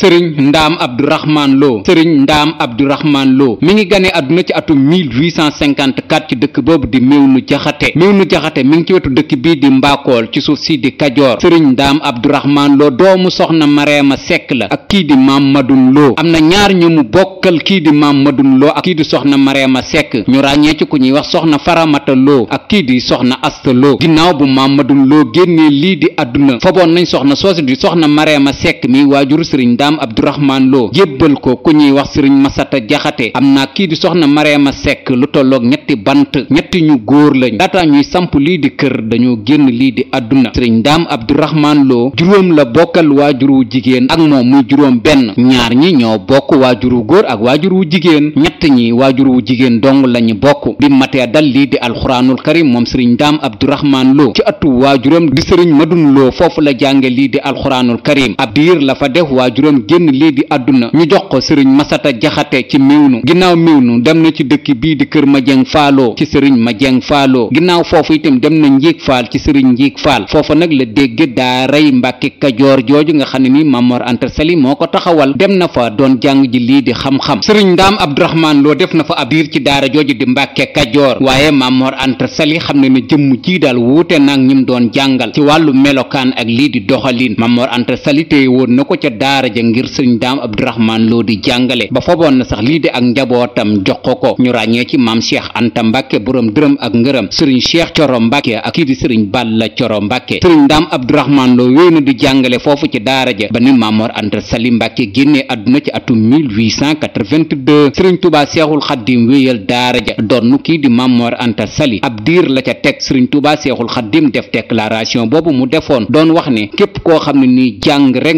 sëriñ ndaam abdourahmaan loo sëriñ ndaam abdourahmaan loo mi ngi gane àdduna ci atum 1854 ci dëkk boobu di Mewnu Jaxate Mewnu Jaxate mi ngi ci wetu dëkk bii di mbaakool ci suuf si di kajoor sëriñ ndaam abdourahmaan loo doomu soxna mareema sekk la ak kii di maam madun loo am na ñaar ñu mu bokkal kii di maam madun loo ak kii di soxna mareema sekk ñu ràññee ci ku ñuy wax soxna faramata loo ak kii di soxna asta loo ginnaaw bu maam madun loo génnee lii di àdduna foboon nañ soxna soo soosi di soxna mareema sekk mi waajuru sëriñ ndaam daam abdourahmaan loo jébbal ko ku ñuy wax sëriñ masata jaxate am na kii di soxna mareema sekk lu tolloog ñetti bant ñetti ñu góor lañ laataa ñuy samp lii di kër dañoo génn lii di àdduna sëriñ daam abdourahmaan loo juróom la bokkal waajur wu jigéen ak moom muy juróom benn ñaar ñi ñoo bokk waajur wu góor ak waajur wu jigéen ñett ñi waajur wu jigéen dong lañu bokk bi matee dal lii di alxuraanul karim moom sëriñ daam abdourahmaan loo ci atu waajuram di sëriñ madun loo la jànge lii di alxuraanul karim ma génn léegi àdduna ñu jox ko sëriñ masata jaxate ci Mewnu ginnaaw nu dem na ci dëkk bii di kër ma Madieng Fallo ci sëriñ Madieng faaloo ginnaaw foofu itam dem na Njiig Faal ci sëriñ Njiig Faal foofa nag la dégg daaray Mbàkke Kajoor jooju nga xam ne ni Mamor Anta Sali moo ko taxawal dem na fa doon jàng ji lii di xam-xam sëriñ ndam Abdourahmane Lo def na fa ab diir ci daara jooju di Mbàkke Kajoor waaye Mamor Anta Sali xam ne ne jëmm ji daal wuute nag ñim doon jàngal ci wàllu melokaan ak lii di doxalin na ngir sëñ daam abdourahmaan loo di jàngale ba foboon na sax lii de ak njabootam jox ko ko ñu ràññee ci maam cheikh anta mbàkke borom dërëm ak ngërëm sëriñ cheikh coro mbàkke ak kii di sëriñ balla coro mbàkke sëriñ daam abdourahmaan loo wéy na di jàngale foofu ci daara ja ba ni maamoor anta sali mbàkke génnee àdduna ci atum 1882 sëriñ tubaa seexul xaddim wéyal daara ja doonnu kii di maamoor anta sali ab diir la ca teg sëriñ tubaa seexul xaddim def déclaration boobu mu defoon doon wax ne képp koo xam ne nii jàng rek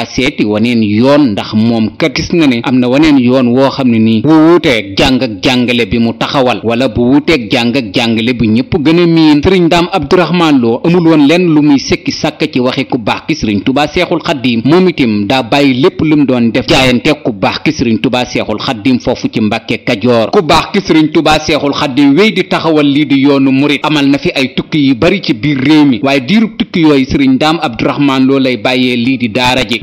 daa seeti waneen yoon ndax moom kat gis na ne am na waneen yoon woo xam ne nii bu wuuteeg jàng ak jàngale bi mu taxawal wala bu wuuteeg jàng ak jàngale bi ñëpp gën a miin sëriñ daam abdourahmaan loo amul woon lenn lu muy sëkki sàkk ci waxe ku baax ki sëriñ tubaa seexul xaddiim moom itam daa bàyyi lépp lu mu doon def jaayante ku baax ki sëriñ tubaa seexul xaddiim foofu ci mbàkke kajoor ku baax ki sëriñ tubaa seexul xaddiim wéy di taxawal lii di yoonu murit amal na fi ay tukki yu bari ci biir réew mi waaye diirub tukki yooyu sëriñ daam abdourahmaan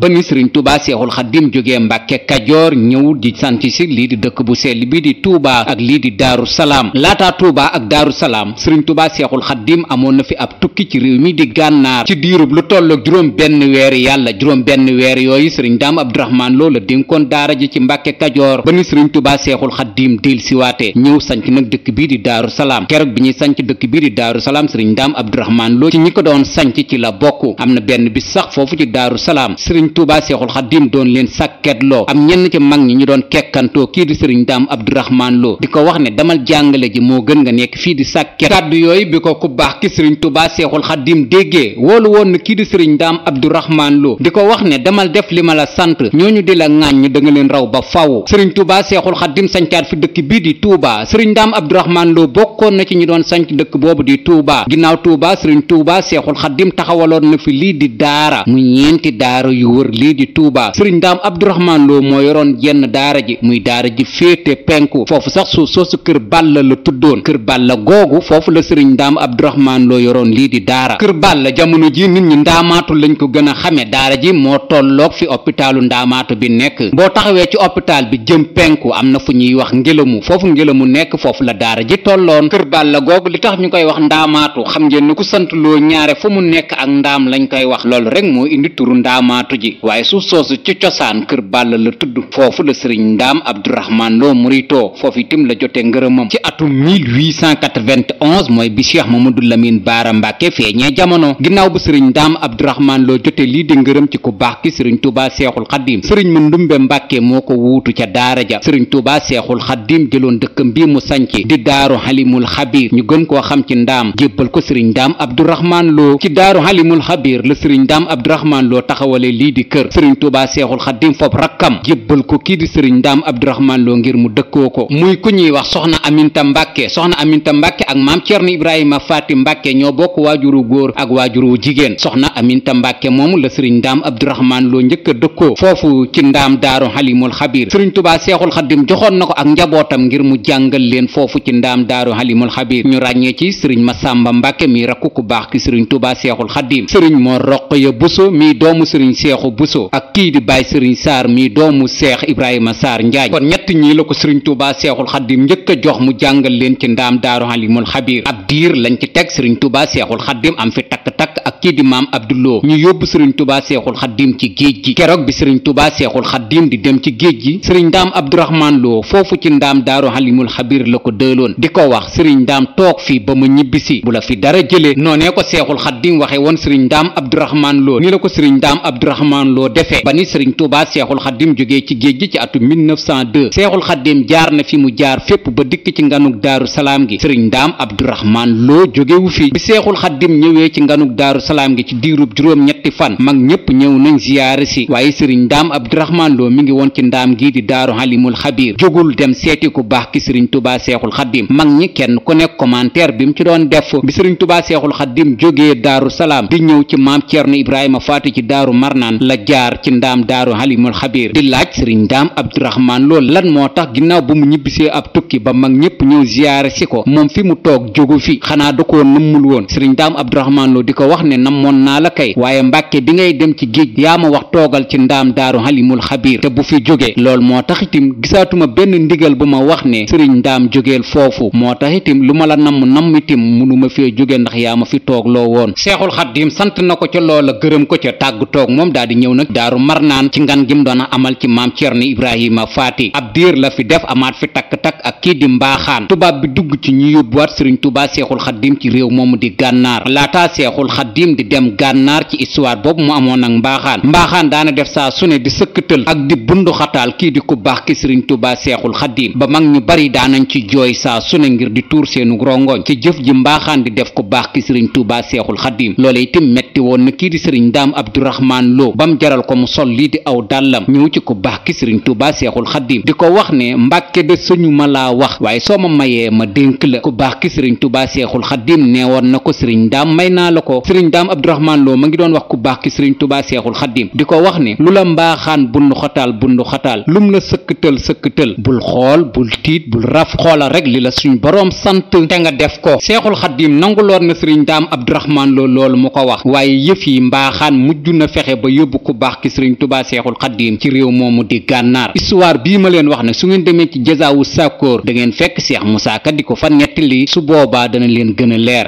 ba ni sëriñ Touba Seexul Xadim jógee Mbàkke Kajoor ñëw di sant si lii di dëkk bu sell bii di Touba ak lii di Daaru Salaam laataa Touba ak Daaru Salaam sëriñ Touba Seexul Xadim amoon na fi ab tukki ci réew mi di gànnaar ci diirub lu tollook juróom benn weer yàlla juróom benn weer yooyu sëriñ Daam Abdourahmaan loo la dénkoon daara ji ci Mbàkke Kajoor ba ni sëriñ Touba Seexul Xadim del siwaate ñëw sanc nag dëkk bii di Daaru Salaam keroog bi ñuy sanc dëkk bii di Daaru Salaam sëriñ Daam Abdourahmaan Lo ci ñi ko doon sanc ci la bokk am na benn bis sax foofu ci Daaru Salaam sëriñ tuubaa seexul xadim doon leen sàkketloo am ñenn ci mag ñi ñu doon kekkantoo kii di sëriñ daam abdourahmaan di ko wax ne damal moo gën nga nekk fii di sàkket kàddu yooyu bi ko ku baax ki sëriñ tuubaa seexul xadim déggee woolu woon na kii di sëriñ daam abdourahmaan loo di ko wax ne damal def li ma la sant ñooñu di la ŋàññ da nga leen raw ba faw sëriñ tuubaa seexul xadim sañcaat fi dëkk bii di tuubaa sëriñ daam abdourahmaan loo bokkoon na ci ñu doon sanc dëkk boobu di tuubaa ginnaaw tuubaa sëriñ tuubaa seexul xadim taxawaloon na fi lii di daara mu ñeenti daara yu wër lii di Touba sëriñ Daam Abdourahmane Lo moo yoroon jenn daara ji muy daara ji féete penku foofu sax soo su kër Balla la tuddoon kër Balla googu foofu la sëriñ Daam Abdourahmane Lo yoroon lii daara kër Balla jamono ji nit ñi ndaamaatu lañ ko gën a xamee daara ji moo tolloog fi hôpitalu ndaamaatu bi nekk boo taxawee ci hôpital bi jëm penku am na fu ñuy wax ngelamu foofu ngelamu nekk foofu la daara ji tolloon kër Balla googu li tax ñu koy wax ndamaatu xam ngeen ni ku sant loo ñaare fu mu nekk ak ndaam lañ koy wax loolu rek moo indi turu ndaamaatu ji ji waaye suuf soosu ci cosaan kër Balla la tudd foofu la sëriñ ndaam Abdourahman Lo Murito foofu itam la jotee ngërëmam ci atum 1891 mooy bi Cheikh Mamadou Lamine Baara Mbàkke feeñee jamono ginnaaw bu sëriñ ndaam Abdourahman Lo lii di ngërëm ci ku baax ki sëriñ Touba Seexul Xaddiim sëriñ mu ndumbe Mbàkke moo ko wuutu ca daara ja sëriñ Touba Seexul Xaddiim jëloon dëkkam bii mu sanc di daaru Halimul Xabiir ñu gën koo xam ci ndaam jébbal ko sëriñ ndaam Abdourahman Lo ci daaru Halimul Xabiir la di kër sëriñ Tuubaa Seexul Xaddim fob rakkam jébbal ko kii di sëriñ Ndaam Abdourahmane Lo ngir mu dëkkoo ko muy ku ñuy wax soxna Aminta Mbàkke soxna Aminta Mbàkke ak maam Cerno Ibrahima Faati Mbàkke ñoo bokk waajuru góor ak waajuru jigéen soxna Aminta Mbàkke moomu la sëriñ Ndaam Abdourahmane Lo njëkk dëkkoo foofu ci ndaam daaru Xalimul Xabir sëriñ Tuubaa Seexul Xaddim joxoon na ko ak njabootam ngir mu jàngal leen foofu ci ndaam daaru Xalimul Xabir ñu ràññee ci sëriñ Masamba Mbàkke mi rakku ku baax ki sëriñ Tuubaa Seexul Sakho Bousso ak kii di Baye Serigne saar mi doomu Seex Ibrahima saar Njaañ kon ñett ñii la ko Serigne Touba Seexul Xaddim njëkk a jox mu jàngal leen ci ndaam Daaru Halimul Xabiir ab diir lañ ci teg Serigne Touba Seexul Xaddim am fi takk-takk ak kii di maam abduloo ñu yóbbu sëriñ tubaa seexul xaddim ci géej gi keroog bi sëriñ tubaa seexul xaddim di dem ci géej gi sëriñ ndaam abdurahmaan loo foofu ci ndaam daaru xalimul xabir la ko dëeloon di ko wax sëriñ ndaam toog fii ba ma ñibbisi bu la fi dara jëlee noonee ko seexul xaddim waxe woon sëriñ ndaam abdurahmaan loo ni la ko sëriñ ndaam abdurahmaan loo defee ba ni sëriñ tubaa seexul xaddim jógee ci géej gi ci atu seexul xaddim jaar na fi mu jaar fépp ba dikk ci nganuk daaru salaam gi sëriñ ndaam abdurahmaan loo jógewu fi bi seexul xaddim ñëwee ci nganuk daaru salaam gi ci diirub juróom-ñetti fan mag ñëpp ñëw nañ ziyaare si waaye sëriñ ndaam abdurahmaan loo mi ngi woon ci ndaam gii di daaru halimul xabiir jógul dem seeti ku baax ki sëriñ tubaa seexul xaddim mag ñi kenn ku nekk commentaire bi mu ci doon def bi sëriñ tubaa seexul xaddim jógee daaru salaam di ñëw ci maam ceerno ibrahima faati ci daaru marnaan la jaar ci ndaam daaru halimul xabiir di laaj sëriñ ndaam abdurahmaan loo lan moo tax ginnaaw bu mu ñibbisee ab tukki ba mag ñëpp ñëw si ko moom fi mu toog jógu fi xanaa da koo nëmmul woon sëriñ ndaam abdurahmaan di ko ne namoon naa la kay waaye mbàkke bi ngay dem ci géej yaa ma wax toogal ci ndaam daaru halimul xabiir te bu fi jóge loolu moo tax itim gisaatuma benn ndigal bu ma wax ne sëriñ ndaam jógeel foofu moo tax itim lu ma la namm namm itim munuma fee jóge ndax yaa ma fi toog loo woon seexul xaddim sant na ko ca loola gërëm ko ca tàgg toog moom daal di ñëw nag daaru marnaan ci ngan gim doon amal ci maam Cerno Ibrahima Faati ab diir la fi def amaat fi takk-takk ak kii di mbaaxaan bi dugg ci ñu yóbbuwaat sëriñ tubaa ci réew moomu lim di dem gànnaar ci histoire boobu mu amoon ak mbaaxaan mbaaxaan daana def saa su ne di sëkkatal ak di bundu xataal kii di ku baax ki sëriñ tubaa seexul xaddiim ba mag ñu bari daanañ ci jooy saa su ne ngir di tuur seenu rongoñ ci jëf ji mbaaxaan di def ku baax ki sëriñ tubaa seexul xaddiim loola itam metti woon na kii di sëriñ ndaam abdourahmaan loo ba mu jaral ko mu sol lii di aw dàllam ñëw ci ku baax ki sëriñ tubaa seexul xaddiim di ko wax ne mbàkke de suñu ma laa wax waaye soo ma mayee ma dénk la ku baax ki sëriñ tubaa seexul xaddiim nee woon na daam abdourahmaan loo ma ngi doon wax ku baax ki sëriñ tubaa seexul xaddim di ko wax ni lu la mbaaxaan bundu xataal bundu xataal lum la sëkkatal sëkkatal bul xool bul tiit bul raf xoolal rek li la suñ boroom sant te nga def ko seexul xaddim nanguloon na sëriñ loolu mu ko wax waaye yëf yi mbaaxaan mujj na fexe ba yóbbu ku baax ki sëriñ tubaa seexul xaddim ci réew moomu di gànnaar histoire bii ma leen wax ne su ngeen demee ci jasaawu sàkkoor da ngeen fekk seex musaa ka di ko fa nettali su boobaa dana leen gën a leer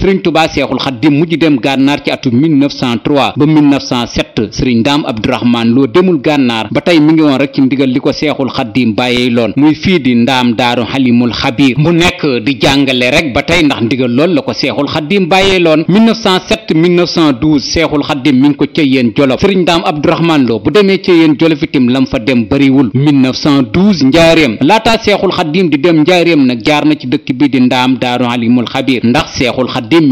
atum 1903 ba 1907 sëriñ ndaam abdourahmaan loo demul gànnaar ba tey mi ngi woon rek ci ndigal li ko seexul xaddiim bàyyey loon muy fii di ndaam daaru xalimul xabiir mu nekk di jàngale rek ba tey ndax ndigal lool la ko seexul xaddiim bàyyey loon 1907 1912 seexul xaddiim mi ngi ko ca yéen jolof sëriñ ndaam abdourahmaan loo bu demee ca yéen jolof itam lam fa dem bariwul 1912 njaareem laataa seexul xaddiim di dem njaareem nag jaar na ci dëkk bi di ndaam daaru xalimul xabiir ndax seexul xaddiim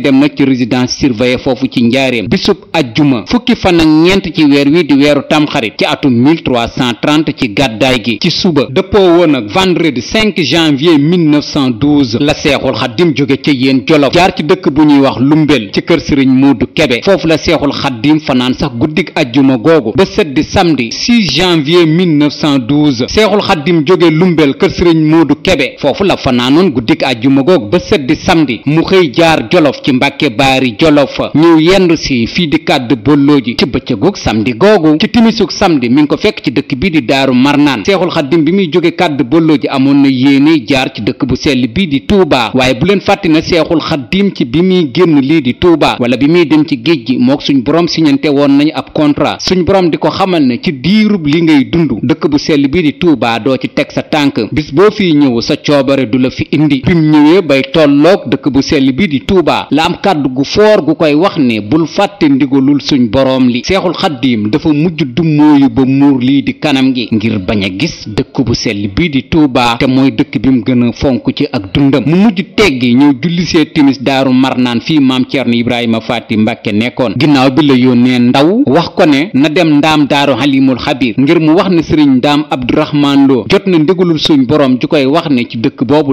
dem na ci résidence surveillée foofu ci njaareem bisub ajjuma fukki fan ak ñeent ci weer wi di weeru tamxarit ci atum 1330 ci gàddaay gi ci suba dëppoo woon ak vendredi 5 janvier la seexul xaddim jóge ca yéen jolof jaar ci dëkk bu ñuy wax lumbel ci kër sëriñ Moodu Kebe foofu la seexul xaddim fanaan sax guddik ajjuma googu ba set di samedi 6 janvier 1912 seexul xaddim jóge lumbel kër sëriñ Moodu Kebe foofu la fanaanoon guddik ajjuma googu ba set di samedi mu xëy jaar jolof ci mbàkke baari jolofa ñëw yendu si fii di kàddu bollooji ci bëccëgug samedi googu ci timisug samedi mi ngi ko fekk ci dëkk bii di daaru marnaan seexul xaddim bi muy jóge kàddu bollooji amoon na yéene jaar ci dëkk bu sell bii di tuubaa waaye bu leen fàtti na seexul xaddim ci bi muy génn lii di tuubaa wala bi muy dem ci géej gi mook suñu boroom siñante woon nañu ab contrat suñu borom di ko xamal ne ci diirub li ngay dund dëkk bu sell bii di tuubaa doo ci teg sa tànk bis boo fiy ñëw sa coobare du la fi indi la am kàddu gu foor gu koy wax ne bul fàtte ndigalul suñ boroom li seexul xaddiim dafa mujj dummóoyu ba muur lii di kanam gi ngir bañ a gis dëkk bu sell bii di Tuubaa te mooy dëkk bi mu gën fonk ci ak dundam mu mujj teggi ñëw jullisee timis daaru marnaan fii maam Ceerno Ibrahima fàtti Mbàkke nekkoon ginnaaw bi la yónnee ndaw wax ko ne na dem ndaam daaru xalimul xabiir ngir mu wax ne sëriñ ndaam Abdurahmaan Lo jot na ndigalul suñ boroom ju koy wax dëkk boobu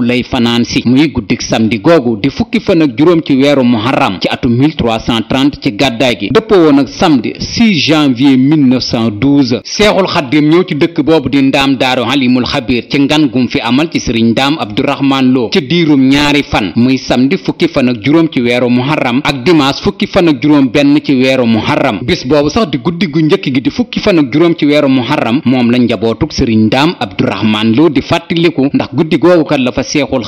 weeru muharram ci atum 1330 ci gàddaay gi dëppoo woon ak samedi 6 janvier 1912 seexul xaddim ñëw ci dëkk boobu di ndaam daaru halimul xabir ci ngan gum fi amal ci sëriñ ndaam abdourahman loo ci diirum ñaari fan muy samedi fukki fan ak juróom ci weeru muharram ak dimanche fukki fan ak juróom benn ci weeru muharram bis boobu sax di guddi gu njëkk gi di fukki fan ak juróom ci weeru muharram moom la njabootug sëriñ ndaam abdourahman loo di fàttaliku ndax guddi googu kat la fa seexul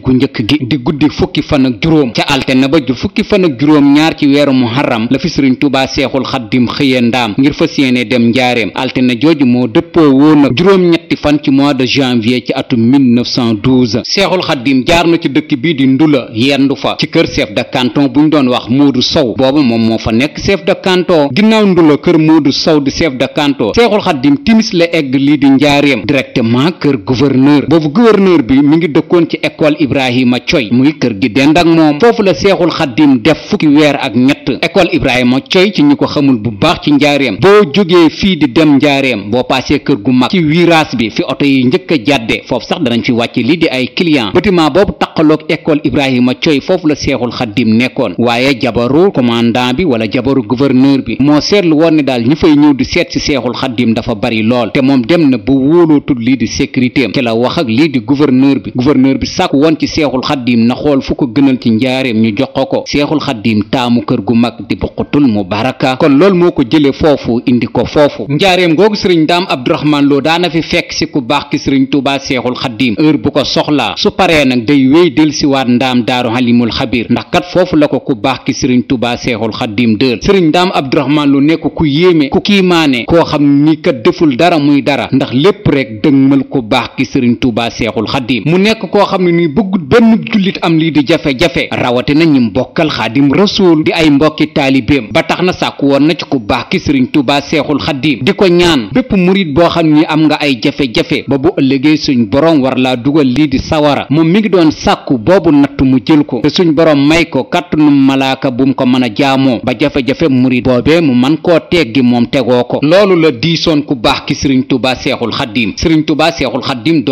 gu njëkk gi di guddi fan ak juróom ca altine ba ju fukki fan ak juróom ñaar ci weeru muharram la fi sëriñ tubaa seexul xaddim xëyee ndaam ngir fa yéene dem njaareem altine jooju moo dëppoo woon ak juróom-ñetti fan ci mois de janvier ci atum 1912 seexul xaddim jaar na ci dëkk bii di ndula yendu fa ci kër chef de canton bu ñu doon wax moo du sow booba moom moo fa nekk chef de canton ginnaaw ndula kër moo du sow di chef de canton seexul xaddim timis la egg lii di njaareem directement kër gouverneur boobu gouverneur bi mi ngi dëkkoon ci école ibrahima coy muy kër dend ak moom foofu la seexul xaddim def fukki weer ak ñett école Ibrahima Coy ci ñu ko xamul bu baax ci njaareem boo jógee fii di dem njaareem boo paasee kër gu mag ci virage bi fi oto yi njëkk a jàdde foofu sax danañ fi wàcc lii di ay client bâtiment boobu taqaloog école Ibrahima Coy foofu la seexul xaddim nekkoon waaye jabaru commandant bi wala jabaru gouverneur bi moo seetlu woon ne daal ñu fay ñëw di seet ci seexul xaddim dafa bari lool te moom dem na ba wóolootul lii di sécurité la bi bi gënal ci njaareem ñu jox ko seexul xaddiim taamu kër gu mag di buqutul mu baraka kon loolu moo ko jële foofu indi ko foofu njaareem googu sëriñ daam abdourahman loo daana fi fekk si ku baax ki sëriñ tuubaa seexul xaddiim heure bu ko soxlaa su paree nag day wéy del siwaat ndaam daaru xalimul xabir ndax kat foofu la ko ku baax ki sëriñ tuubaa seexul xaddiim dël sëriñ daam abdourahman lu nekk ku yéeme ku kiimaane koo xam ni kat deful dara muy dara ndax lépp rek dëgmal ku baax ki sëriñ tuubaa seexul xaddiim jafe-jafe rawatina ñim bokkal xaadim rasuul di ay mbokki taalibeem ba tax na sàkku woon na ci ku baax ki sëriñ tubaa seexul xaddiim di ko ñaan bépp murid boo xam ni am nga ay jafe-jafe ba bu ëllëgee suñ boroom war laa dugal lii di sawara moom mi ngi doon sàkku boobu natt mu jël ko te suñ boroom may ko kàttanu malaaka bu mu ko mën a jaamoo ba jafe-jafe murit boobee mu man koo teggi moom tegoo ko loolu la diisoon ku baax ki sëriñ tubaa seexul xaddiim sëriñ tubaa seexul xaddiim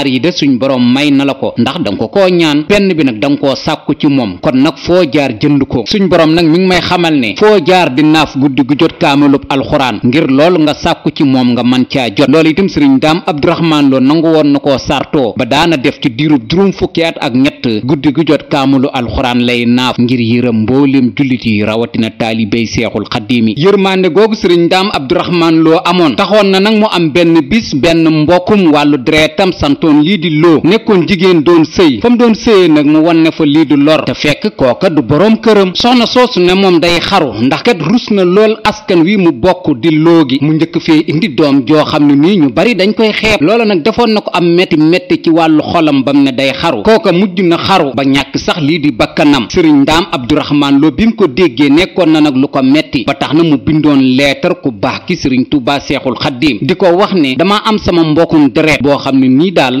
ñaar yi de suñ borom may na la ko ndax danga ko koo ñaan benn bi nag danga koo sàkku moom kon nag foo jaar jënd ko suñ borom nag mi ngi may xamal ne foo jaar di naaf guddi gu jot kaamilub alxuraan ngir loolu nga sàkku ci moom nga man caa jot loolu itam sëriñ daam abduraxmaan loo nangu woon na koo sartoo ba daana def ci diirub juróom fukki at ak ñett guddi gu jot kaamilu alxuraan lay naaf ngir yërëm mbooleem jullit yi rawatina taalibey seexul xaddiimi yërmaande googu sëriñ daam abduraxmaan amoon taxoon na nag mu am benn bis benn mbokkum wàllu deretam santu doom lii di loo nekkoon jigéen doon sëy fa mu doon sëyee nag mu wan ne fa lii du lor te fekk kooka du boroom këram soxna soosu ne moom day xaru ndax kat rus na lool askan wi mu bokk di loo gi mu njëkk fee indi doom joo xam ne nii ñu bari dañ koy xeeb loola nag defoon na ko am metti metti ci wàllu xolam bam ne day xaru kooka mujj na xaru ba ñàkk sax lii di bakkanam sëriñ ndaam abdourahmaan loo bi mu ko déggee nekkoon na nag lu ko metti ba tax na mu bindoon leetar ku baax ki sëriñ tuubaa seexul xaddiim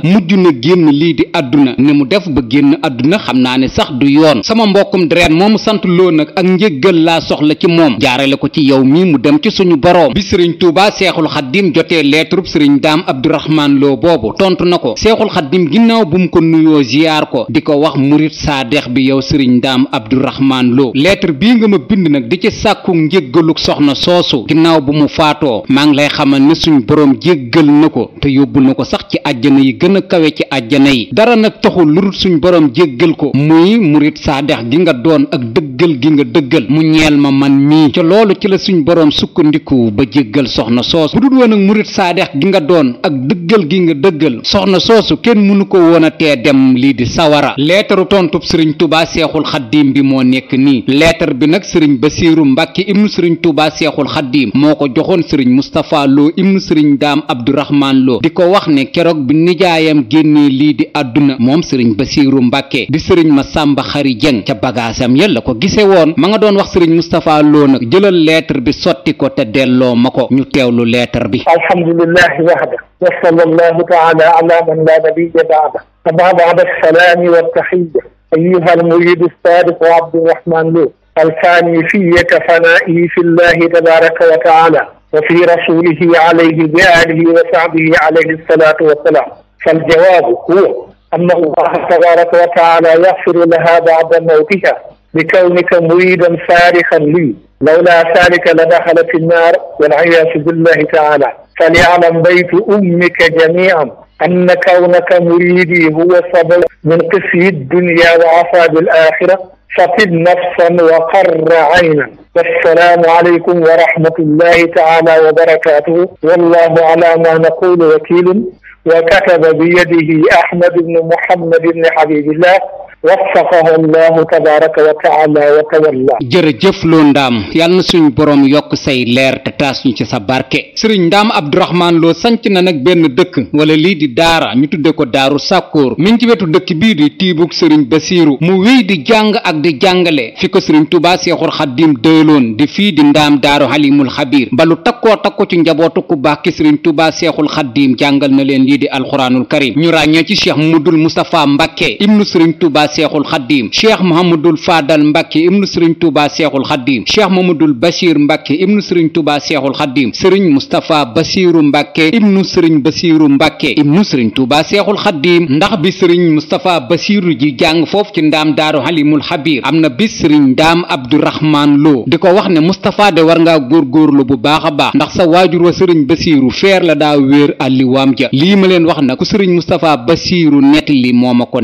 daal mujj na génn lii di àdduna ni mu def ba génn àdduna xam naa ne sax du yoon sama mbokkum deret moomu sant loo nag ak njëggal laa soxla ci moom jaarale ko ci yow mii mu dem ci suñu boroom bi sëriñ tuuba seexul xaddim jotee lettre sëriñ daam abdurahmaan loo boobu tontu na ko seexul xaddim ginnaaw bu mu ko nuyoo ziyaar ko di ko wax murit saadex bi yow sëriñ daam abdurahmaan loo lettre bii nga ma bind nag di ci sàkku njëggaluk soxna soosu ginnaaw bu mu faatoo maa ngi lay xamal ne suñu boroom jéggal na ko te yóbbu ko sax ci àjjana yi gën a kawe ci àjjana yi dara nag taxul lu dul suñ borom jéggal ko muy murit saadex gi nga doon ak dëggal gi nga dëggal mu ñeel ma man mii ca loolu ci la suñ sukkandiku ba jéggal soxna soosu bu dul woon saadex gi nga doon ak dëggal gi nga dëggal soxna soosu kenn mënu ko woon a tee dem lii di sawara leetaru tontub sëriñ tubaa seexul xaddiim bi moo nekk nii leetar bi nag sëriñ basiiru mbàkke ibnu sëriñ tubaa seexul xaddiim moo ko joxoon sëriñ mustapha loo ibnu sëriñ daam abdourahman loo di ko wax ne keroog bi nijaay yaayam génnee lii di àdduna moom sëriñ Basiiru Mbàkke di sëriñ Masàmba Xari Jeng ca bagaasam ya la ko gise woon ma nga doon wax sëriñ Mustapha Lo nag jëlal lettre bi sotti ko te delloo ma ko ñu teewlu lettre bi alhamdulillahi wahda wa sallallahu taala ala man la nabiyya ba'da amma ba'da salaami wa tahiyya ayyuha al-muriid as-saadiq Abdurahmaan Lo alfaani fiyya fanaa'i fi llahi tabaraka wa taala wa fi rasulihi alayhi wa alihi wa sahbihi alayhi salaatu wa salaam فالجواب هو أن الله تبارك وتعالى يغفر لها بعد موتها لكونك مريدا فارخا لي لولا ذلك لدخلت النار والعياذ بالله تعالى فليعلم بيت أمك جميعا أن كونك مريدي هو سبب من قسي الدنيا وعصاب الآخرة فطب نفسا وقر عينا والسلام عليكم ورحمة الله تعالى وبركاته والله على ما نقول وكيل وكتب بيده أحمد بن محمد بن حبيب الله waffaqahu allahu tabaraka wa taala jërëjëf loo ndaam yàlla suñu borom yokk say leer te taas ñu ci sa barke sëriñ ndaam abdourahmaan loo sanc na nag benn dëkk wala lii di daara ñu tudde ko daaru sàkkoor mi ci wetu dëkk bii di tiibug sëriñ basiiru mu wéy di jàng ak di jàngale fi ko sëriñ tubaa seexul xaddim dëyloon di fii di ndaam daaru xalimul xabiir balu takkoo takko ci njabootu ku baax ki sëriñ tubaa seexul xaddim jàngal na leen lii di alxuraanul karim ñu ràññee ci cheikh mudul mustapha tubaa seexul xaddiim cheikh mohamadul faadal mbàkke ibnu sëriñ tuuba seexul xaddiim cheikh mamadul bachir mbàkke ibnu sëriñ tuuba seexul xaddiim sëriñ mustapha basiiru mbàkke ibnu sëriñ basiiru mbàkke ibnu sëriñ tuuba seexul xaddiim ndax bi sëriñ mustapha basiiru ji jàng foofu ci ndaam daaru halimul xabiir am na bis sëriñ ndaam abdourahmaan loo di ko wax ne mustapha de war ngaa góorgóorlu bu baax a baax ndax sa waajur wa sëriñ basiiru feer la daa wéer alliwaam ja lii ma leen wax na ku sëriñ mustapha basiiru nettali moo ma ko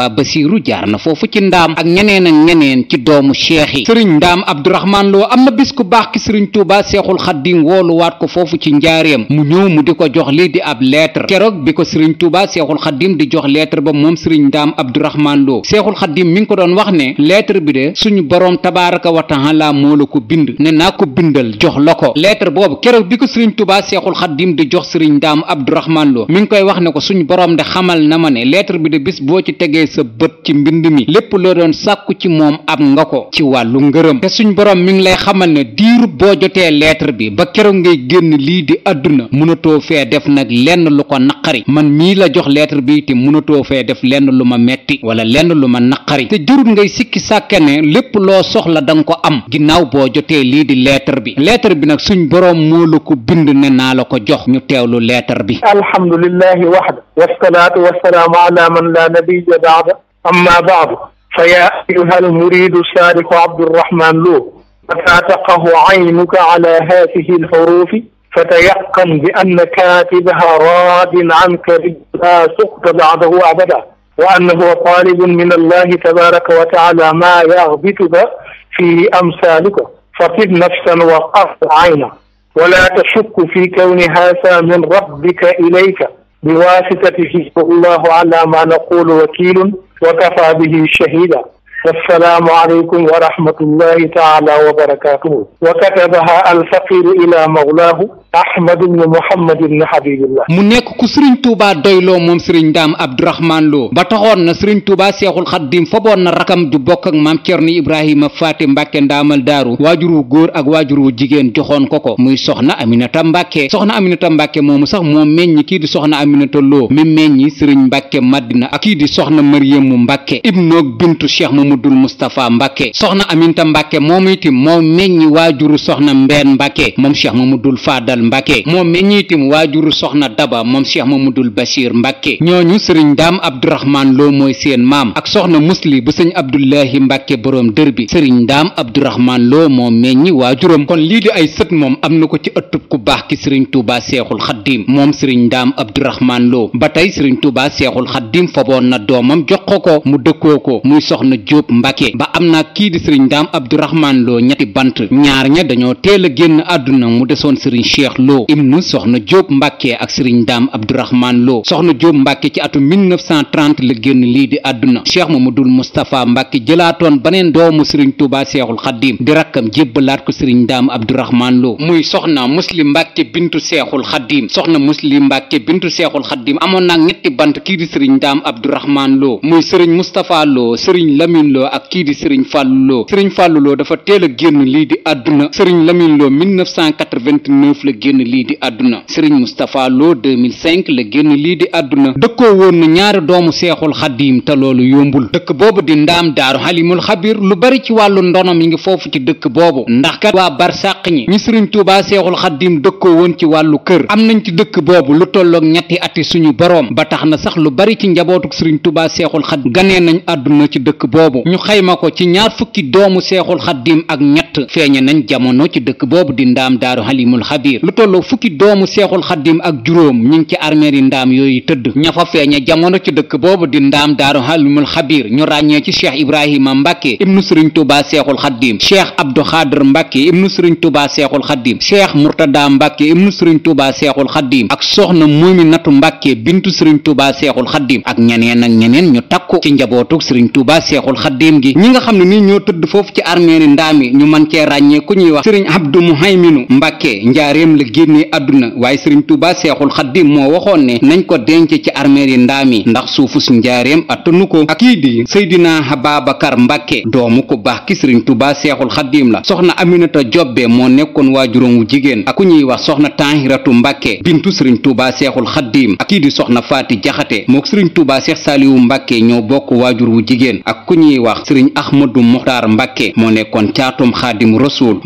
Moustapha Bassirou jaar na foofu ci ndaam ak ñeneen ak ñeneen ci doomu cheikh yi sëriñ ndaam Abdourahman Lo am na bis ku baax ki sëriñ Touba Seexul Xaddim wooluwaat ko foofu ci njaareem mu ñëw mu di ko jox lii di ab lettre keroog bi ko sëriñ Touba Seexul Xaddim di jox lettre ba moom sëriñ ndaam Abdourahman Lo Seexul Xaddim mi ngi ko doon wax ne lettre bi de suñu boroom tabaaraka wa taala moo la ko bind ne naa ko bindal jox la ko lettre boobu keroog bi ko sëriñ Touba Seexul Xaddim di jox sëriñ ndaam Abdourahman koy wax ne ko suñu boroom de xamal na ma ne lettre bi de bis boo ci tegee sa bët ci mbind mi lépp loo doon sàkku ci moom am nga ko ci wàllu ngërëm te suñ borom mi ngi lay xamal ne diiru boo jotee lettre bi ba keroog ngay génn lii di àdduna mënatoo fee def nag lenn lu ko naqari man mii la jox lettre bi te mënatoo fee def lenn lu ma metti wala lenn lu ma naqari te jurut ngay sikki sàkke ne lépp loo soxla danga ko am ginnaaw boo jotee lii di lettre bi lettre bi nag suñ borom moo la ko bind ne naa la ko jox ñu teewlu lettre bi بعد أما بعد فيا أيها المريد الشارح عبد الرحمن لو متى تقه عينك على هذه الحروف فتيقن بأن كاتبها راد عنك لا سقط بعده أبدا وأنه طالب من الله تبارك وتعالى ما يغبطك في أمثالك فطب نفسا وقف عينا ولا تشك في كون هذا من ربك إليك بواسطته والله على ما نقول وكيل وكفى به شهيدا والسلام عليكم ورحمة الله تعالى وبركاته وكتبها الفقير إلى مولاه Ahmad ibn Muhammad ibn Habibillah mu nekk ku Serigne Touba doyloo moom Serigne Ndaam Abdourahmane Lo ba taxoon na Serigne Touba Seexul Xaddim foboon na rakam ju bokk ak maam Cerno Ibrahima Faati Mbàkke Ndaamal Daaru waajur wu góor ak waajur wu jigéen joxoon ko ko muy soxna Aminata Mbàkke soxna Aminata Mbàkke moomu sax moo meññ kii di soxna Aminata Lo mi meññi Serigne Mbàkke màddina ak kii di soxna Mariyamu Mbàkke ibnoog bintu mu Mamadul Moustapha Mbàkke soxna Aminata Mbàkke moomu itam moo meññi waajuru soxna Mbeen Mbàkke moom Cheikh Mamadul Faadal Fall Mbàkke moom mi ñiitim waajuru soxna daba moom cheikh mamadul bachir mbàkke ñooñu sëriñ ndaam abdourahman loo mooy seen maam ak soxna musli bu sëñ abdullahi mbàkke boroom dër bi sëriñ ndaam abdourahman loo moom meññi waajuram kon lii di ay sët moom am na ko ci ëttub ku baax ki sëriñ tuuba seexul xaddim moom sëriñ ndaam abdourahman loo ba tey sëriñ tuuba seexul xaddim foboon na doomam jox ko ko mu dëkkoo ko muy soxna jóob mbàkke ba am na kii di sëriñ ndaam abdourahman loo ñetti bant ñaar a Cheikh Lo ibnu soxna Diop Mbàkke ak sëriñ Ndaam Abdourahman Lo soxna Diop Mbàkke ci atum 1930 la génn lii di àdduna Cheikh Mamadul Moustapha Mbàkke jëlaatoon baneen doomu sëriñ Touba Seexul Xaddim di rakkam jébbalaat ko sëriñ Ndaam Abdourahman Lo muy soxna Muslim Mbàkke bintu Seexul Xaddim soxna Muslim Mbàkke bintu Seexul Xaddim amoon nag ñetti bant kii di sëriñ Ndaam Abdourahman Lo muy sëriñ Moustapha Lo sëriñ Lamine Lo ak kii di sëriñ Fàllu Lo sëriñ Fàllu Lo dafa teel a génn lii di àdduna sëriñ Lamine Lo 1989 la génn lii di àdduna sëriñ Moustapha Lo 2005 la génn lii di àdduna dëkkoo woon na ñaari doomu seexul xaddiim te loolu yombul dëkk boobu di ndaam daaru xalimul xabir lu bari ci wàllu ndonom yi ngi foofu ci dëkk boobu ndax kat waa barsàq ñi ñi sëriñ Tuubaa seexul xaddiim dëkkoo woon ci wàllu kër am nañ ci dëkk boobu lu tollook ñetti ati suñu boroom ba tax na sax lu bari ci njabootuk sëriñ Tuubaa seexul xaddiim ganee nañ àdduna ci dëkk boobu ñu xayma ko ci ñaar fukki doomu seexul xaddiim ak ñett feeñe nañ jamono ci dëkk boobu di ndaam daaru xalimul xabir lu tolloo fukki doomu seexul xaddim ak juróom ñi ngi ci armeer yi ndaam yooyu tëdd ña fa feeña jamono ci dëkk boobu di ndaam daaru halimul xabir ñu ràññee ci cheikh ibrahima mbàkke ibnu sëriñ tuuba seexul xaddim cheikh abdu xaadir mbàkke ibnu sëriñ tuuba seexul xaddim cheikh murtada mbàkke ibnu sëriñ tuuba seexul xaddim ak soxna mi natu mbàkke bintu sëriñ tuuba seexul xaddim ak ñeneen ak ñeneen ñu takku ci njabootuk sëriñ tuuba seexul xaddim gi ñi nga xam ne nii ñoo tëdd foofu ci armeer yi ndaam ñu man cee ràññee ñuy wax sëriñ abdu muhayminu mbàkke la génnee àdduna waaye sëriñ tuuba seexul xaddim moo waxoon ne nañ ko denc ci armeel yi ndaami ndax suufu suufus njaareem attanu ko ak kii di seydina baabakar mbàkke doomu ko baax ki sëriñ tuuba seexul xaddim la soxna aminata jobbe moo nekkoon waajuróom wu jigéen ak ku ñuy wax soxna tanhiratu mbàkke bintu sëriñ tuuba seexul xaddim ak kii di soxna faati jaxate mook sëriñ tuuba seex saaliwu mbàkke ñoo bokk waajur wu jigéen ak ku ñuy wax sëriñ ahmadu muxtaar mbàkke moo nekkoon caatum xaadim rasuul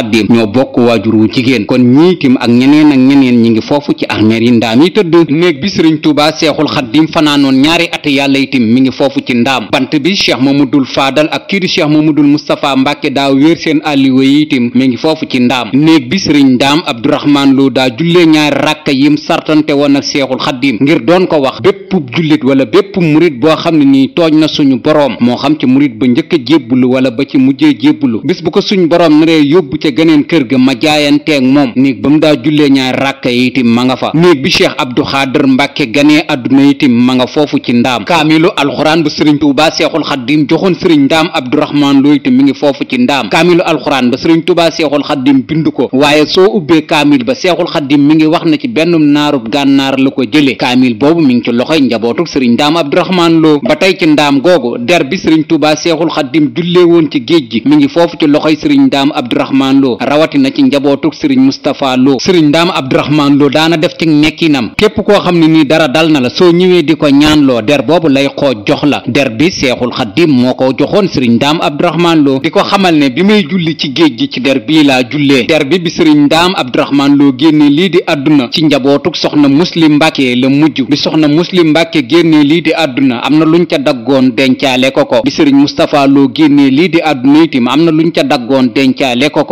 xaddiim ñoo bokk waajur wu jigéen kon ñii tim ak ñeneen ak ñeneen ñi ngi foofu ci armeer yi ndaam yi tëdd néeg bi sëriñ tuuba seexul xaddiim fanaanoon ñaari at yàlla itim mi ngi foofu ci ndaam bant bi cheikh mamadul faadal ak kii di cheikh mamadul moustapha mbàkke daa wéer seen àlliwa yi itim mi ngi foofu ci ndaam néeg bi sëriñ ndaam abdourahman loo daa jullee ñaari ràkka yim sartante woon ak seexul xaddiim ngir doon ko wax bépp jullit wala bépp murit boo xam ne nii tooñ na suñu boroom moo xam ci murit ba njëkk a jébbulu wala ba ci mujjee jébbulu bis bu ko suñu boroom naree yóbbu ca geneen kër ga ma jaayanteeg moom néeg daa jullee ñaar ràkka yi itim ma nga fa néeg bi cheikh abdu xaadir mbàkke ganee àdduna itim ma nga foofu ci ndaam kaamilu alxuraan bu sëriñ tuubaa seexul xaddim joxoon sëriñ ndaam abdurahmaan loo itam mi ngi foofu ci ndaam kaamilu alxuraan ba sëriñ tuubaa seexul xaddim bind ko waaye soo ubbee kaamil ba seexul xaddim mi ngi wax na ci benn naarub gànnaar la ko jëlee kaamil boobu mi ngi ci loxoy njabootuk sëriñ ndaam abdurahmaan loo ba tey ci ndaam googu der bi sëriñ tuubaa seexul xaddim jullee woon ci géej gi mu ngi foofu ci loxoy sëriñ ndaam abdurahmaan Abdourahmane Lo rawatina ci njabootuk sëriñ Moustapha Lo sëriñ Ndaam Abdourahmane Lo daana def ci nekkinam képp koo xam ne nii dara dal na la soo ñëwee di ko ñaanloo der boobu lay xooj jox la der bi seexul xaddim moo ko joxoon sëriñ Ndaam Abdourahmane Lo di ko xamal ne bi may julli ci géej gi ci der bii laa jullee der bi bi sëriñ Ndaam Abdourahmane Lo génne lii di àdduna ci njabootuk soxna Muslim Mbàkke la mujj bi soxna Muslim Mbàkke génne lii di àdduna am na luñ ca daggoon dencaale ko ko bi sëriñ Moustapha Lo génne lii di àdduna itam am na luñ ca daggoon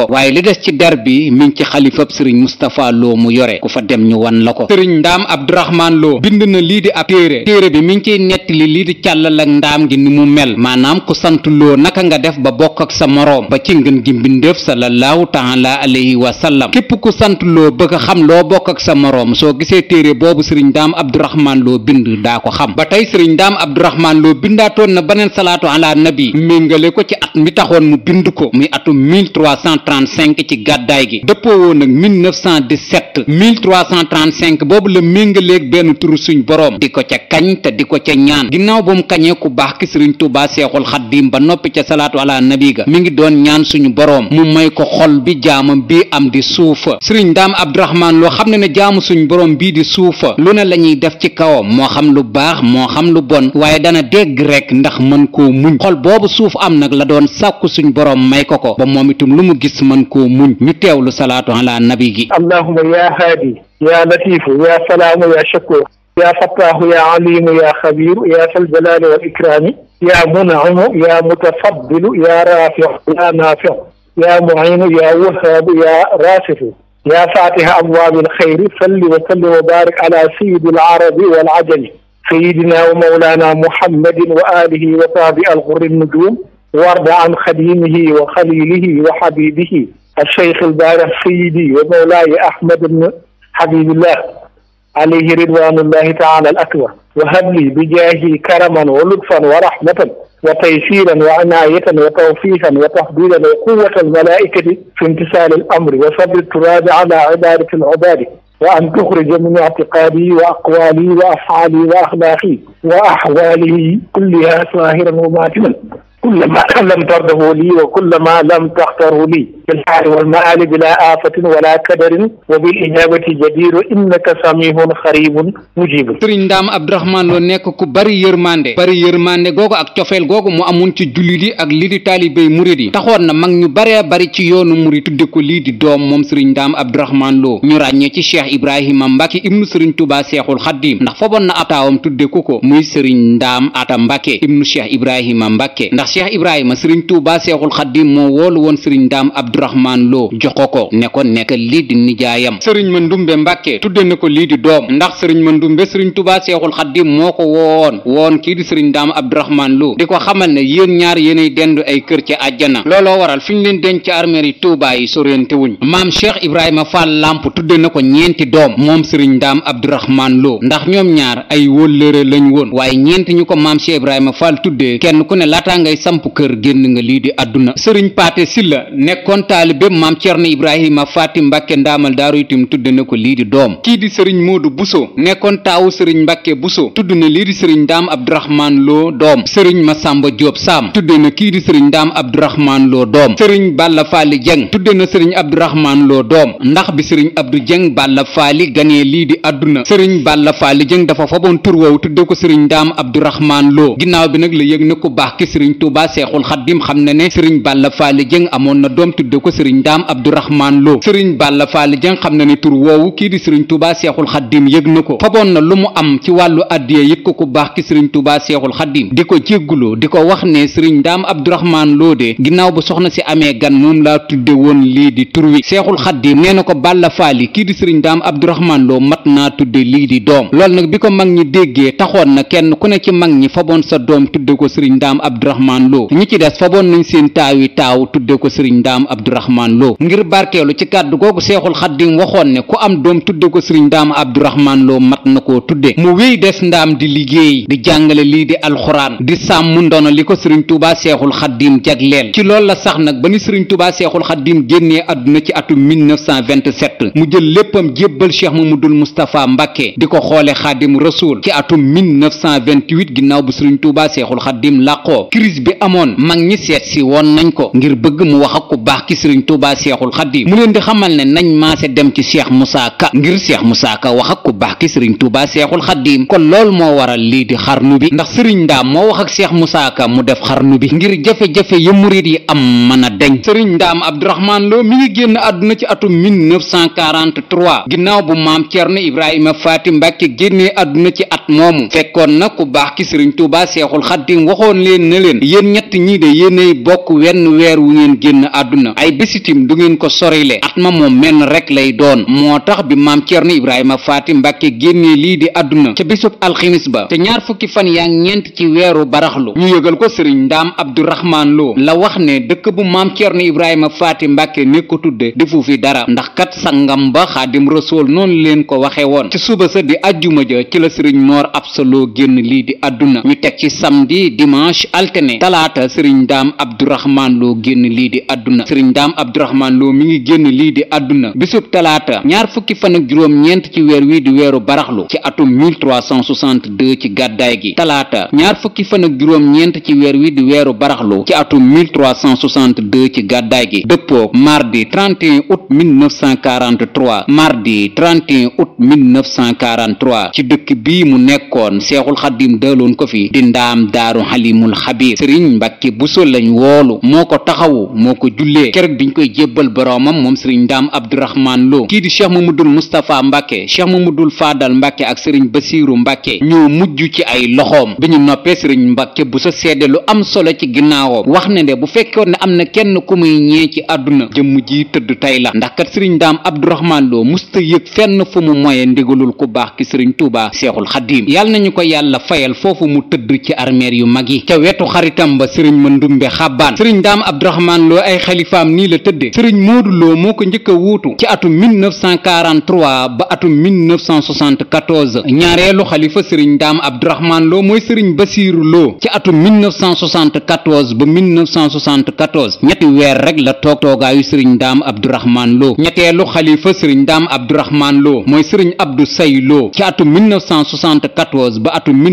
waaye li des ci der bi mi ngi ci xalifab sëriñ Moustapha Lo mu yore ku fa dem ñu wan la ko sëriñ ndaam Abdourahmane Lo bind na lii di ab téere téere bi mi ngi ci ciy nettali lii di càllal ak ndaam ngi ni mu mel maanaam ku sant loo naka nga def ba bokk ak sa moroom ba ci ngën gi mbindeef sallallahu taala alayhi wa sallam képp ku sant loo bëgg xam loo bokk ak sa moroom soo gisee téere boobu sëriñ ndaam Abdourahmane Lo bind daa ko xam ba tey sëriñ ndaam Abdourahmane Lo bindaatoon na beneen salaatu ala nabi méngale ko ci mi taxoon mu bind ko muy atum 1330 1935 ci gàddaay gi dëppoo woon nag 1917 1335 boobu la méngaleeg benn turu suñu boroom di ko ca kañ te di ko ca ñaan ginnaaw ba mu kañee ku baax ki sëriñ Tuubaa Seexul Xaddiim ba noppi ca salaatu ala nabi ga mi ngi doon ñaan suñu boroom mu may ko xol bi jaamam bii am di suufa sëriñ Ndaam Abdurahmaan loo xam ne ne jaamu suñ boroom bii di suufa lu ne la ñuy def ci kawam moo xam lu baax moo xam lu bon waaye dana dégg rekk ndax mën koo muñ xol boobu suuf am nag la doon sàkku suñ boroom may mën koo muñ ñu teewlu salaatu ala nabi gi allahuma ya haadi ya latifu ya salaamu ya shakur ya fattaahu ya alimu ya xabiru ya saljalali wal ikrami ya munamu ya mutafaddilu ya rafiu ya nafiu ya muhinu ya wahaabu ya rasifu يا فاتح أبواب الخير صل وسلم وبارك على سيد العرب والعجم سيدنا ومولانا محمد وآله وصحبه الغر النجوم وارض عن خديمه وخليله وحبيبه الشيخ البارح سيدي ومولاي أحمد بن حبيب الله عليه رضوان الله تعالى الأكبر وهب لي بجاهه كرما ولطفا ورحمة وتيسيرا وعناية وتوفيقا وتفضيلا وقوة الملائكة في امتثال الأمر وصبر التراب على عبادة العباد وأن تخرج من اعتقادي وأقوالي وأفعالي وأخلاقي وأحوالي كلها ظاهرا وباطنا kulla ma lam tardahu lii wa kulla ma lam taxtarhu lii bil xaali wal maali bila aafatin wala kadarin wa bil ijaabati jadiru innaka samihun xaribun mujibun sëriñ ndaam abdourahmaan loo nekk ku bari yërmande bari yërmande googu ak cofeel googu mu amoon ci jullit ak lii di taalibéy murit yi taxoon na mag ñu baree bari ci yoonu murit tudde ko lii di doom moom sëriñ ndaam abdourahmaan loo ñu ràññee ci cheikh ibrahima mbàkke ibnu sëriñ tubaa seexul xaddiim ndax foboon na ab taawam tudde ko ko muy sëriñ cheikh ibrahima sëriñ tuuba seexul xaddim moo woolu woon sëriñ ndaam abdourahmaan loo jox ko ko ne ko nekk lii di nijaayam sëriñ ma ndumbe mbàkke tudde na ko lii di doom ndax sëriñ ma ndumbe sëriñ tuuba seexul xaddim moo ko woon woon kii di sëriñ ndaam abdourahmaan loo di ko xamal ne yéen ñaar yéenay dendu ay kër ci àjjana looloo waral fi ñu leen denc ci armeer yi tuuba yi sorente wuñ maam cheikh ibrahima fall lamp tudde na ko ñeenti doom moom sëriñ ndaam abdourahmaan loo ndax ñoom ñaar ay woon samp kër génn nga lii di àdduna sëriñ paate silla nekkoon taalibe maam cerno ibrahima faati mbàkke ndaamal daaru itam tudd na ko lii di doom kii di sëriñ moodu buso nekkoon taawu sëriñ mbàkke buso tudd na lii di sëriñ ndaam abdurahmaan loo doom sëriñ masamba jóob saam tudde na kii di sëriñ ndaam abdurahmaan loo doom sëriñ balla faali jeng tudde na sëriñ abdurahmaan loo doom ndax bi sëriñ abdu jeng balla faali ganee lii di àdduna sëriñ balla faali jeng dafa faboon tur woowu tudde ko sëriñ ndaam abdurahmaan loo Touba Seexul Xaddim xam na ne Serigne Balla Faali Jëng amoon na doom tudde ko Serigne Ndaam Abdourahman Lo Serigne Faali Jëng xam na ne tur woowu kii di Serigne Touba Seexul Xaddim yëg na ko faboon na lu mu am ci wàllu addiye yit ko ku baax ki Serigne Touba Seexul Xaddim di ko jégguloo di ko wax ne Serigne Ndaam Abdourahman Lo de ginnaaw bu soxna si amee gan moom laa tudde woon lii di tur wi Seexul Xaddim nee na ko Balla Faali kii di Serigne Ndaam Abdourahman Lo mat naa tudde lii di doom loolu nag bi ko mag ñi déggee taxoon na kenn ku ne ci mag ñi faboon abdourahman lo ñi ci des faboon nañ seen taawi taaw tudde ko sëriñ ndaam abdourahman lo ngir barkeelu ci kàddu googu seexul xaddim waxoon ne ku am doom tudde ko sëriñ ndaam abdourahman loo mat na koo tudde mu wéy des ndaam di liggéey di jàngale lii di alxuraan di sàmm ndono li ko sëriñ tuubaa seexul xaddim jagleel ci loolu la sax nag ba ni sëriñ tuubaa seexul xaddim génnee àdduna ci atum 1927 mu jël léppam jébbal cheikh mamadul moustapha mbàkke di ko xoole xaadim rasul ci atum 1928 ginnaaw bu sëriñ tuubaa seexul xaddim làqoo crise bi amoon mag ñi seet si woon nañ ko ngir bëgg mu wax ak ku baax ki sëriñ Tuubaa Seexul Xadiim mu leen di xamal ne nañ maase dem ci Cheikh Moussa Ka ngir Cheikh Moussa Ka wax ak ku baax ki sëriñ Tuubaa Seexul Xadiim kon lool moo waral lii di xarnu bi ndax sëriñ ndaa moo wax ak seex Moussa Ka mu def xarnu bi ngir jafe-jafe ya murit yi am mën a deñ sëriñ ndaam Abdourahmane loo mi ngi génn adduna ci atum 1943 ginnaaw bu maam Cerno Ibrahima Faati Mbàkke génnee àdduna ci at moomu fekkoon na ku baax ki sëriñ Tuubaa Seexul Xadiim yéen ñett ñii de yéenay bokk wenn weer wu ngeen génn àdduna ay bisitim du ngeen ko sorile at ma moom menn rek lay doon moo tax bi maam Cerno Ibrahima Faati Mbàkke génnee lii di àdduna ca bisub alximis ba te ñaar fukki fan yaa ñeent ci weeru baraxlu ñu yëgal ko sëriñ ndaam Abdourahman Lo la wax ne dëkk bu maam Cerno Ibrahima Faati Mbàkke ne ko tudde defu dara ndax kat sangam ba xaadim rasool noonu leen ko waxe woon ci suba sa di ajjuma ja ci la sëriñ Mor Absa génn lii di àdduna ñu teg ci samedi dimanche altene talaata sëriñ ndaam abdourahmaan loo génn lii di àdduna sëriñ ndaam abdourahmaan loo mi ngi génn lii di àdduna bisub talaata ñaar fukki fan ak juróom-ñeent ci weer wii di weeru baraxlu ci atum 1362 ci gàddaay gi talaata ñaar fukki fan ak juróom-ñeent ci weer wii di weeru baraxlu ci atum 1362 ci gàddaay gi dëppoo mardi 31 août 1943 mardi 31 août 1943 ci dëkk bii mu nekkoon seexul xaddim daaloon ko fi di ndaam daaru xalimul xabiir sëriñ mbàkke buso lañ woolu moo ko taxawu moo ko jullee bi biñ koy jébbal boroomam moom sëriñ ndaam abdourahmaan lo kii di cheikh mamadul moustapha mbàkke cheikh mamadul faadal mbàkke ak sëriñ basiiru mbàkke ñoo mujj ci ay loxoom bi ñu noppee sëriñ mbàkke sa seede lu am solo ci ginnaawam wax ne de bu fekkoon ne am na kenn ku muy ñee ci àdduna jëmm ji tëdd tey la ndax kat sëriñ ndaam abdourahmaan lo musta yëg fenn fu mu moye ndigalul ku baax ki sëriñ tuubaa seexul xadim ko yàlla fayal foofu mu tëdd yu samba sëriñ mandumbe xabbaan sëriñ daam abdurahmaan loo ay xalifaam nii la tëdde sëriñ moodu loo moo ko njëkk a wuutu ci atum 1943 ba atum 1974 ñaareelu xalifa sëriñ daam abdurahmaan loo mooy sëriñ basiiru ci atum ba ñetti weer rek la toog toogaayu sëriñ daam abdurahmaan ñetteelu xalifa sëriñ daam abdurahmaan mooy sëriñ abdu say ci atum ba atum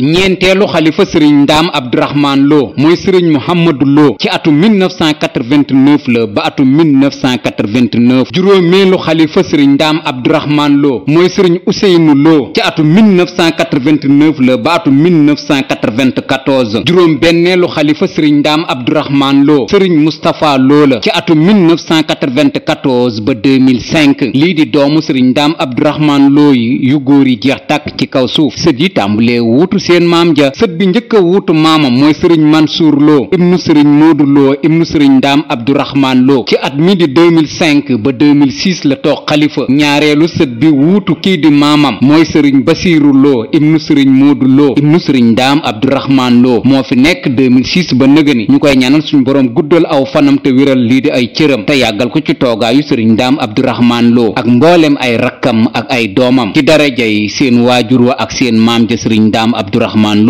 ñeenteelu xalifa sëriñ sëriñ ndaam abdourahmaan loo mooy sëriñ mouhamadu loo ci atum 1989 la ba atum 1989 juróomeelu xalifa sëriñ ndaam abdourahmaan loo mooy sëriñ useynu loo ci atum 1989 la ba atum 1994 juróom benneelu xalifa sëriñ ndaam abdourahmaan loo sëriñ moustapha loo la ci atum 1994 ba 2005 lii di doomu sëriñ ndaam abdourahmaan loo yu góor yi jeex tàkk ci kaw suuf sët yi tàmbulee seen maam ja sët bi njëkk wuutu maamam mooy sëriñ Mansour Lo ibnu sëriñ Modou Lo ibnu sëriñ Ndaam Abdourahman loo ci at mi di 2005 ba 2006 la toog xalifa ñaareelu sët bi wuutu kii di maamam mooy sëriñ Basiiru Lo ibnu sëriñ Modou Lo ibnu sëriñ Ndaam Abdourahman Lo moo fi nekk 2006 ba nëgëni ñu koy ñanan suñu boroom guddal aw fanam te wéral lii di ay cëram te yàggal ko ci toogaayu sëriñ Ndaam Abdourahman Lo ak mbooleem ay rakkam ak ay doomam ci darajay seen waajur wa ak seen maam ja sëriñ Ndaam Abdourahman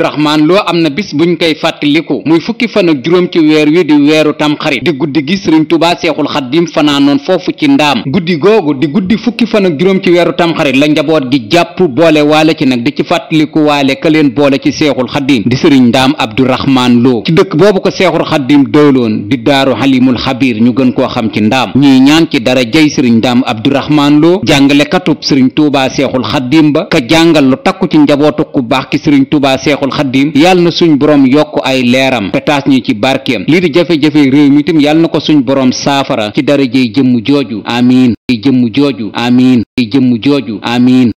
abdourahmaan loo am na bis buñ koy fàttaliku muy fukki fan ak juróom ci weer wi di weeru tamxarit di guddi gi sëriñ tubaa seexul xaddim fanaanoon foofu ci ndaam guddi googu di guddi fukki fan ak juróom ci weeru tamxarit la njaboot gi jàpp boole waalo ci nag di ci fàttaliku waale ka leen boole ci seexul xaddim di sëriñ ndaam abdourahmaan loo ci dëkk boobu ko seexul xaddim dëwloon di daaru xalimul xabir ñu gën koo xam ci ndaam ñuy ñaan ci dara jay sëriñ ndaam abdourahmaan loo jàngale katub sëriñ tuubaa seexul xaddim ba jàngal lu ci njabootu ku baax ki sëriñ seexul xaddiim yàlla na suñ boroom yokk ay leeram te taas ñu ci barkeem lii di jafe-jafe réew mi tam yàlla na ko suñ boroom saafara ci darajey jëmm jooju amiin jëmm jooju amiin jëmm jooju amiin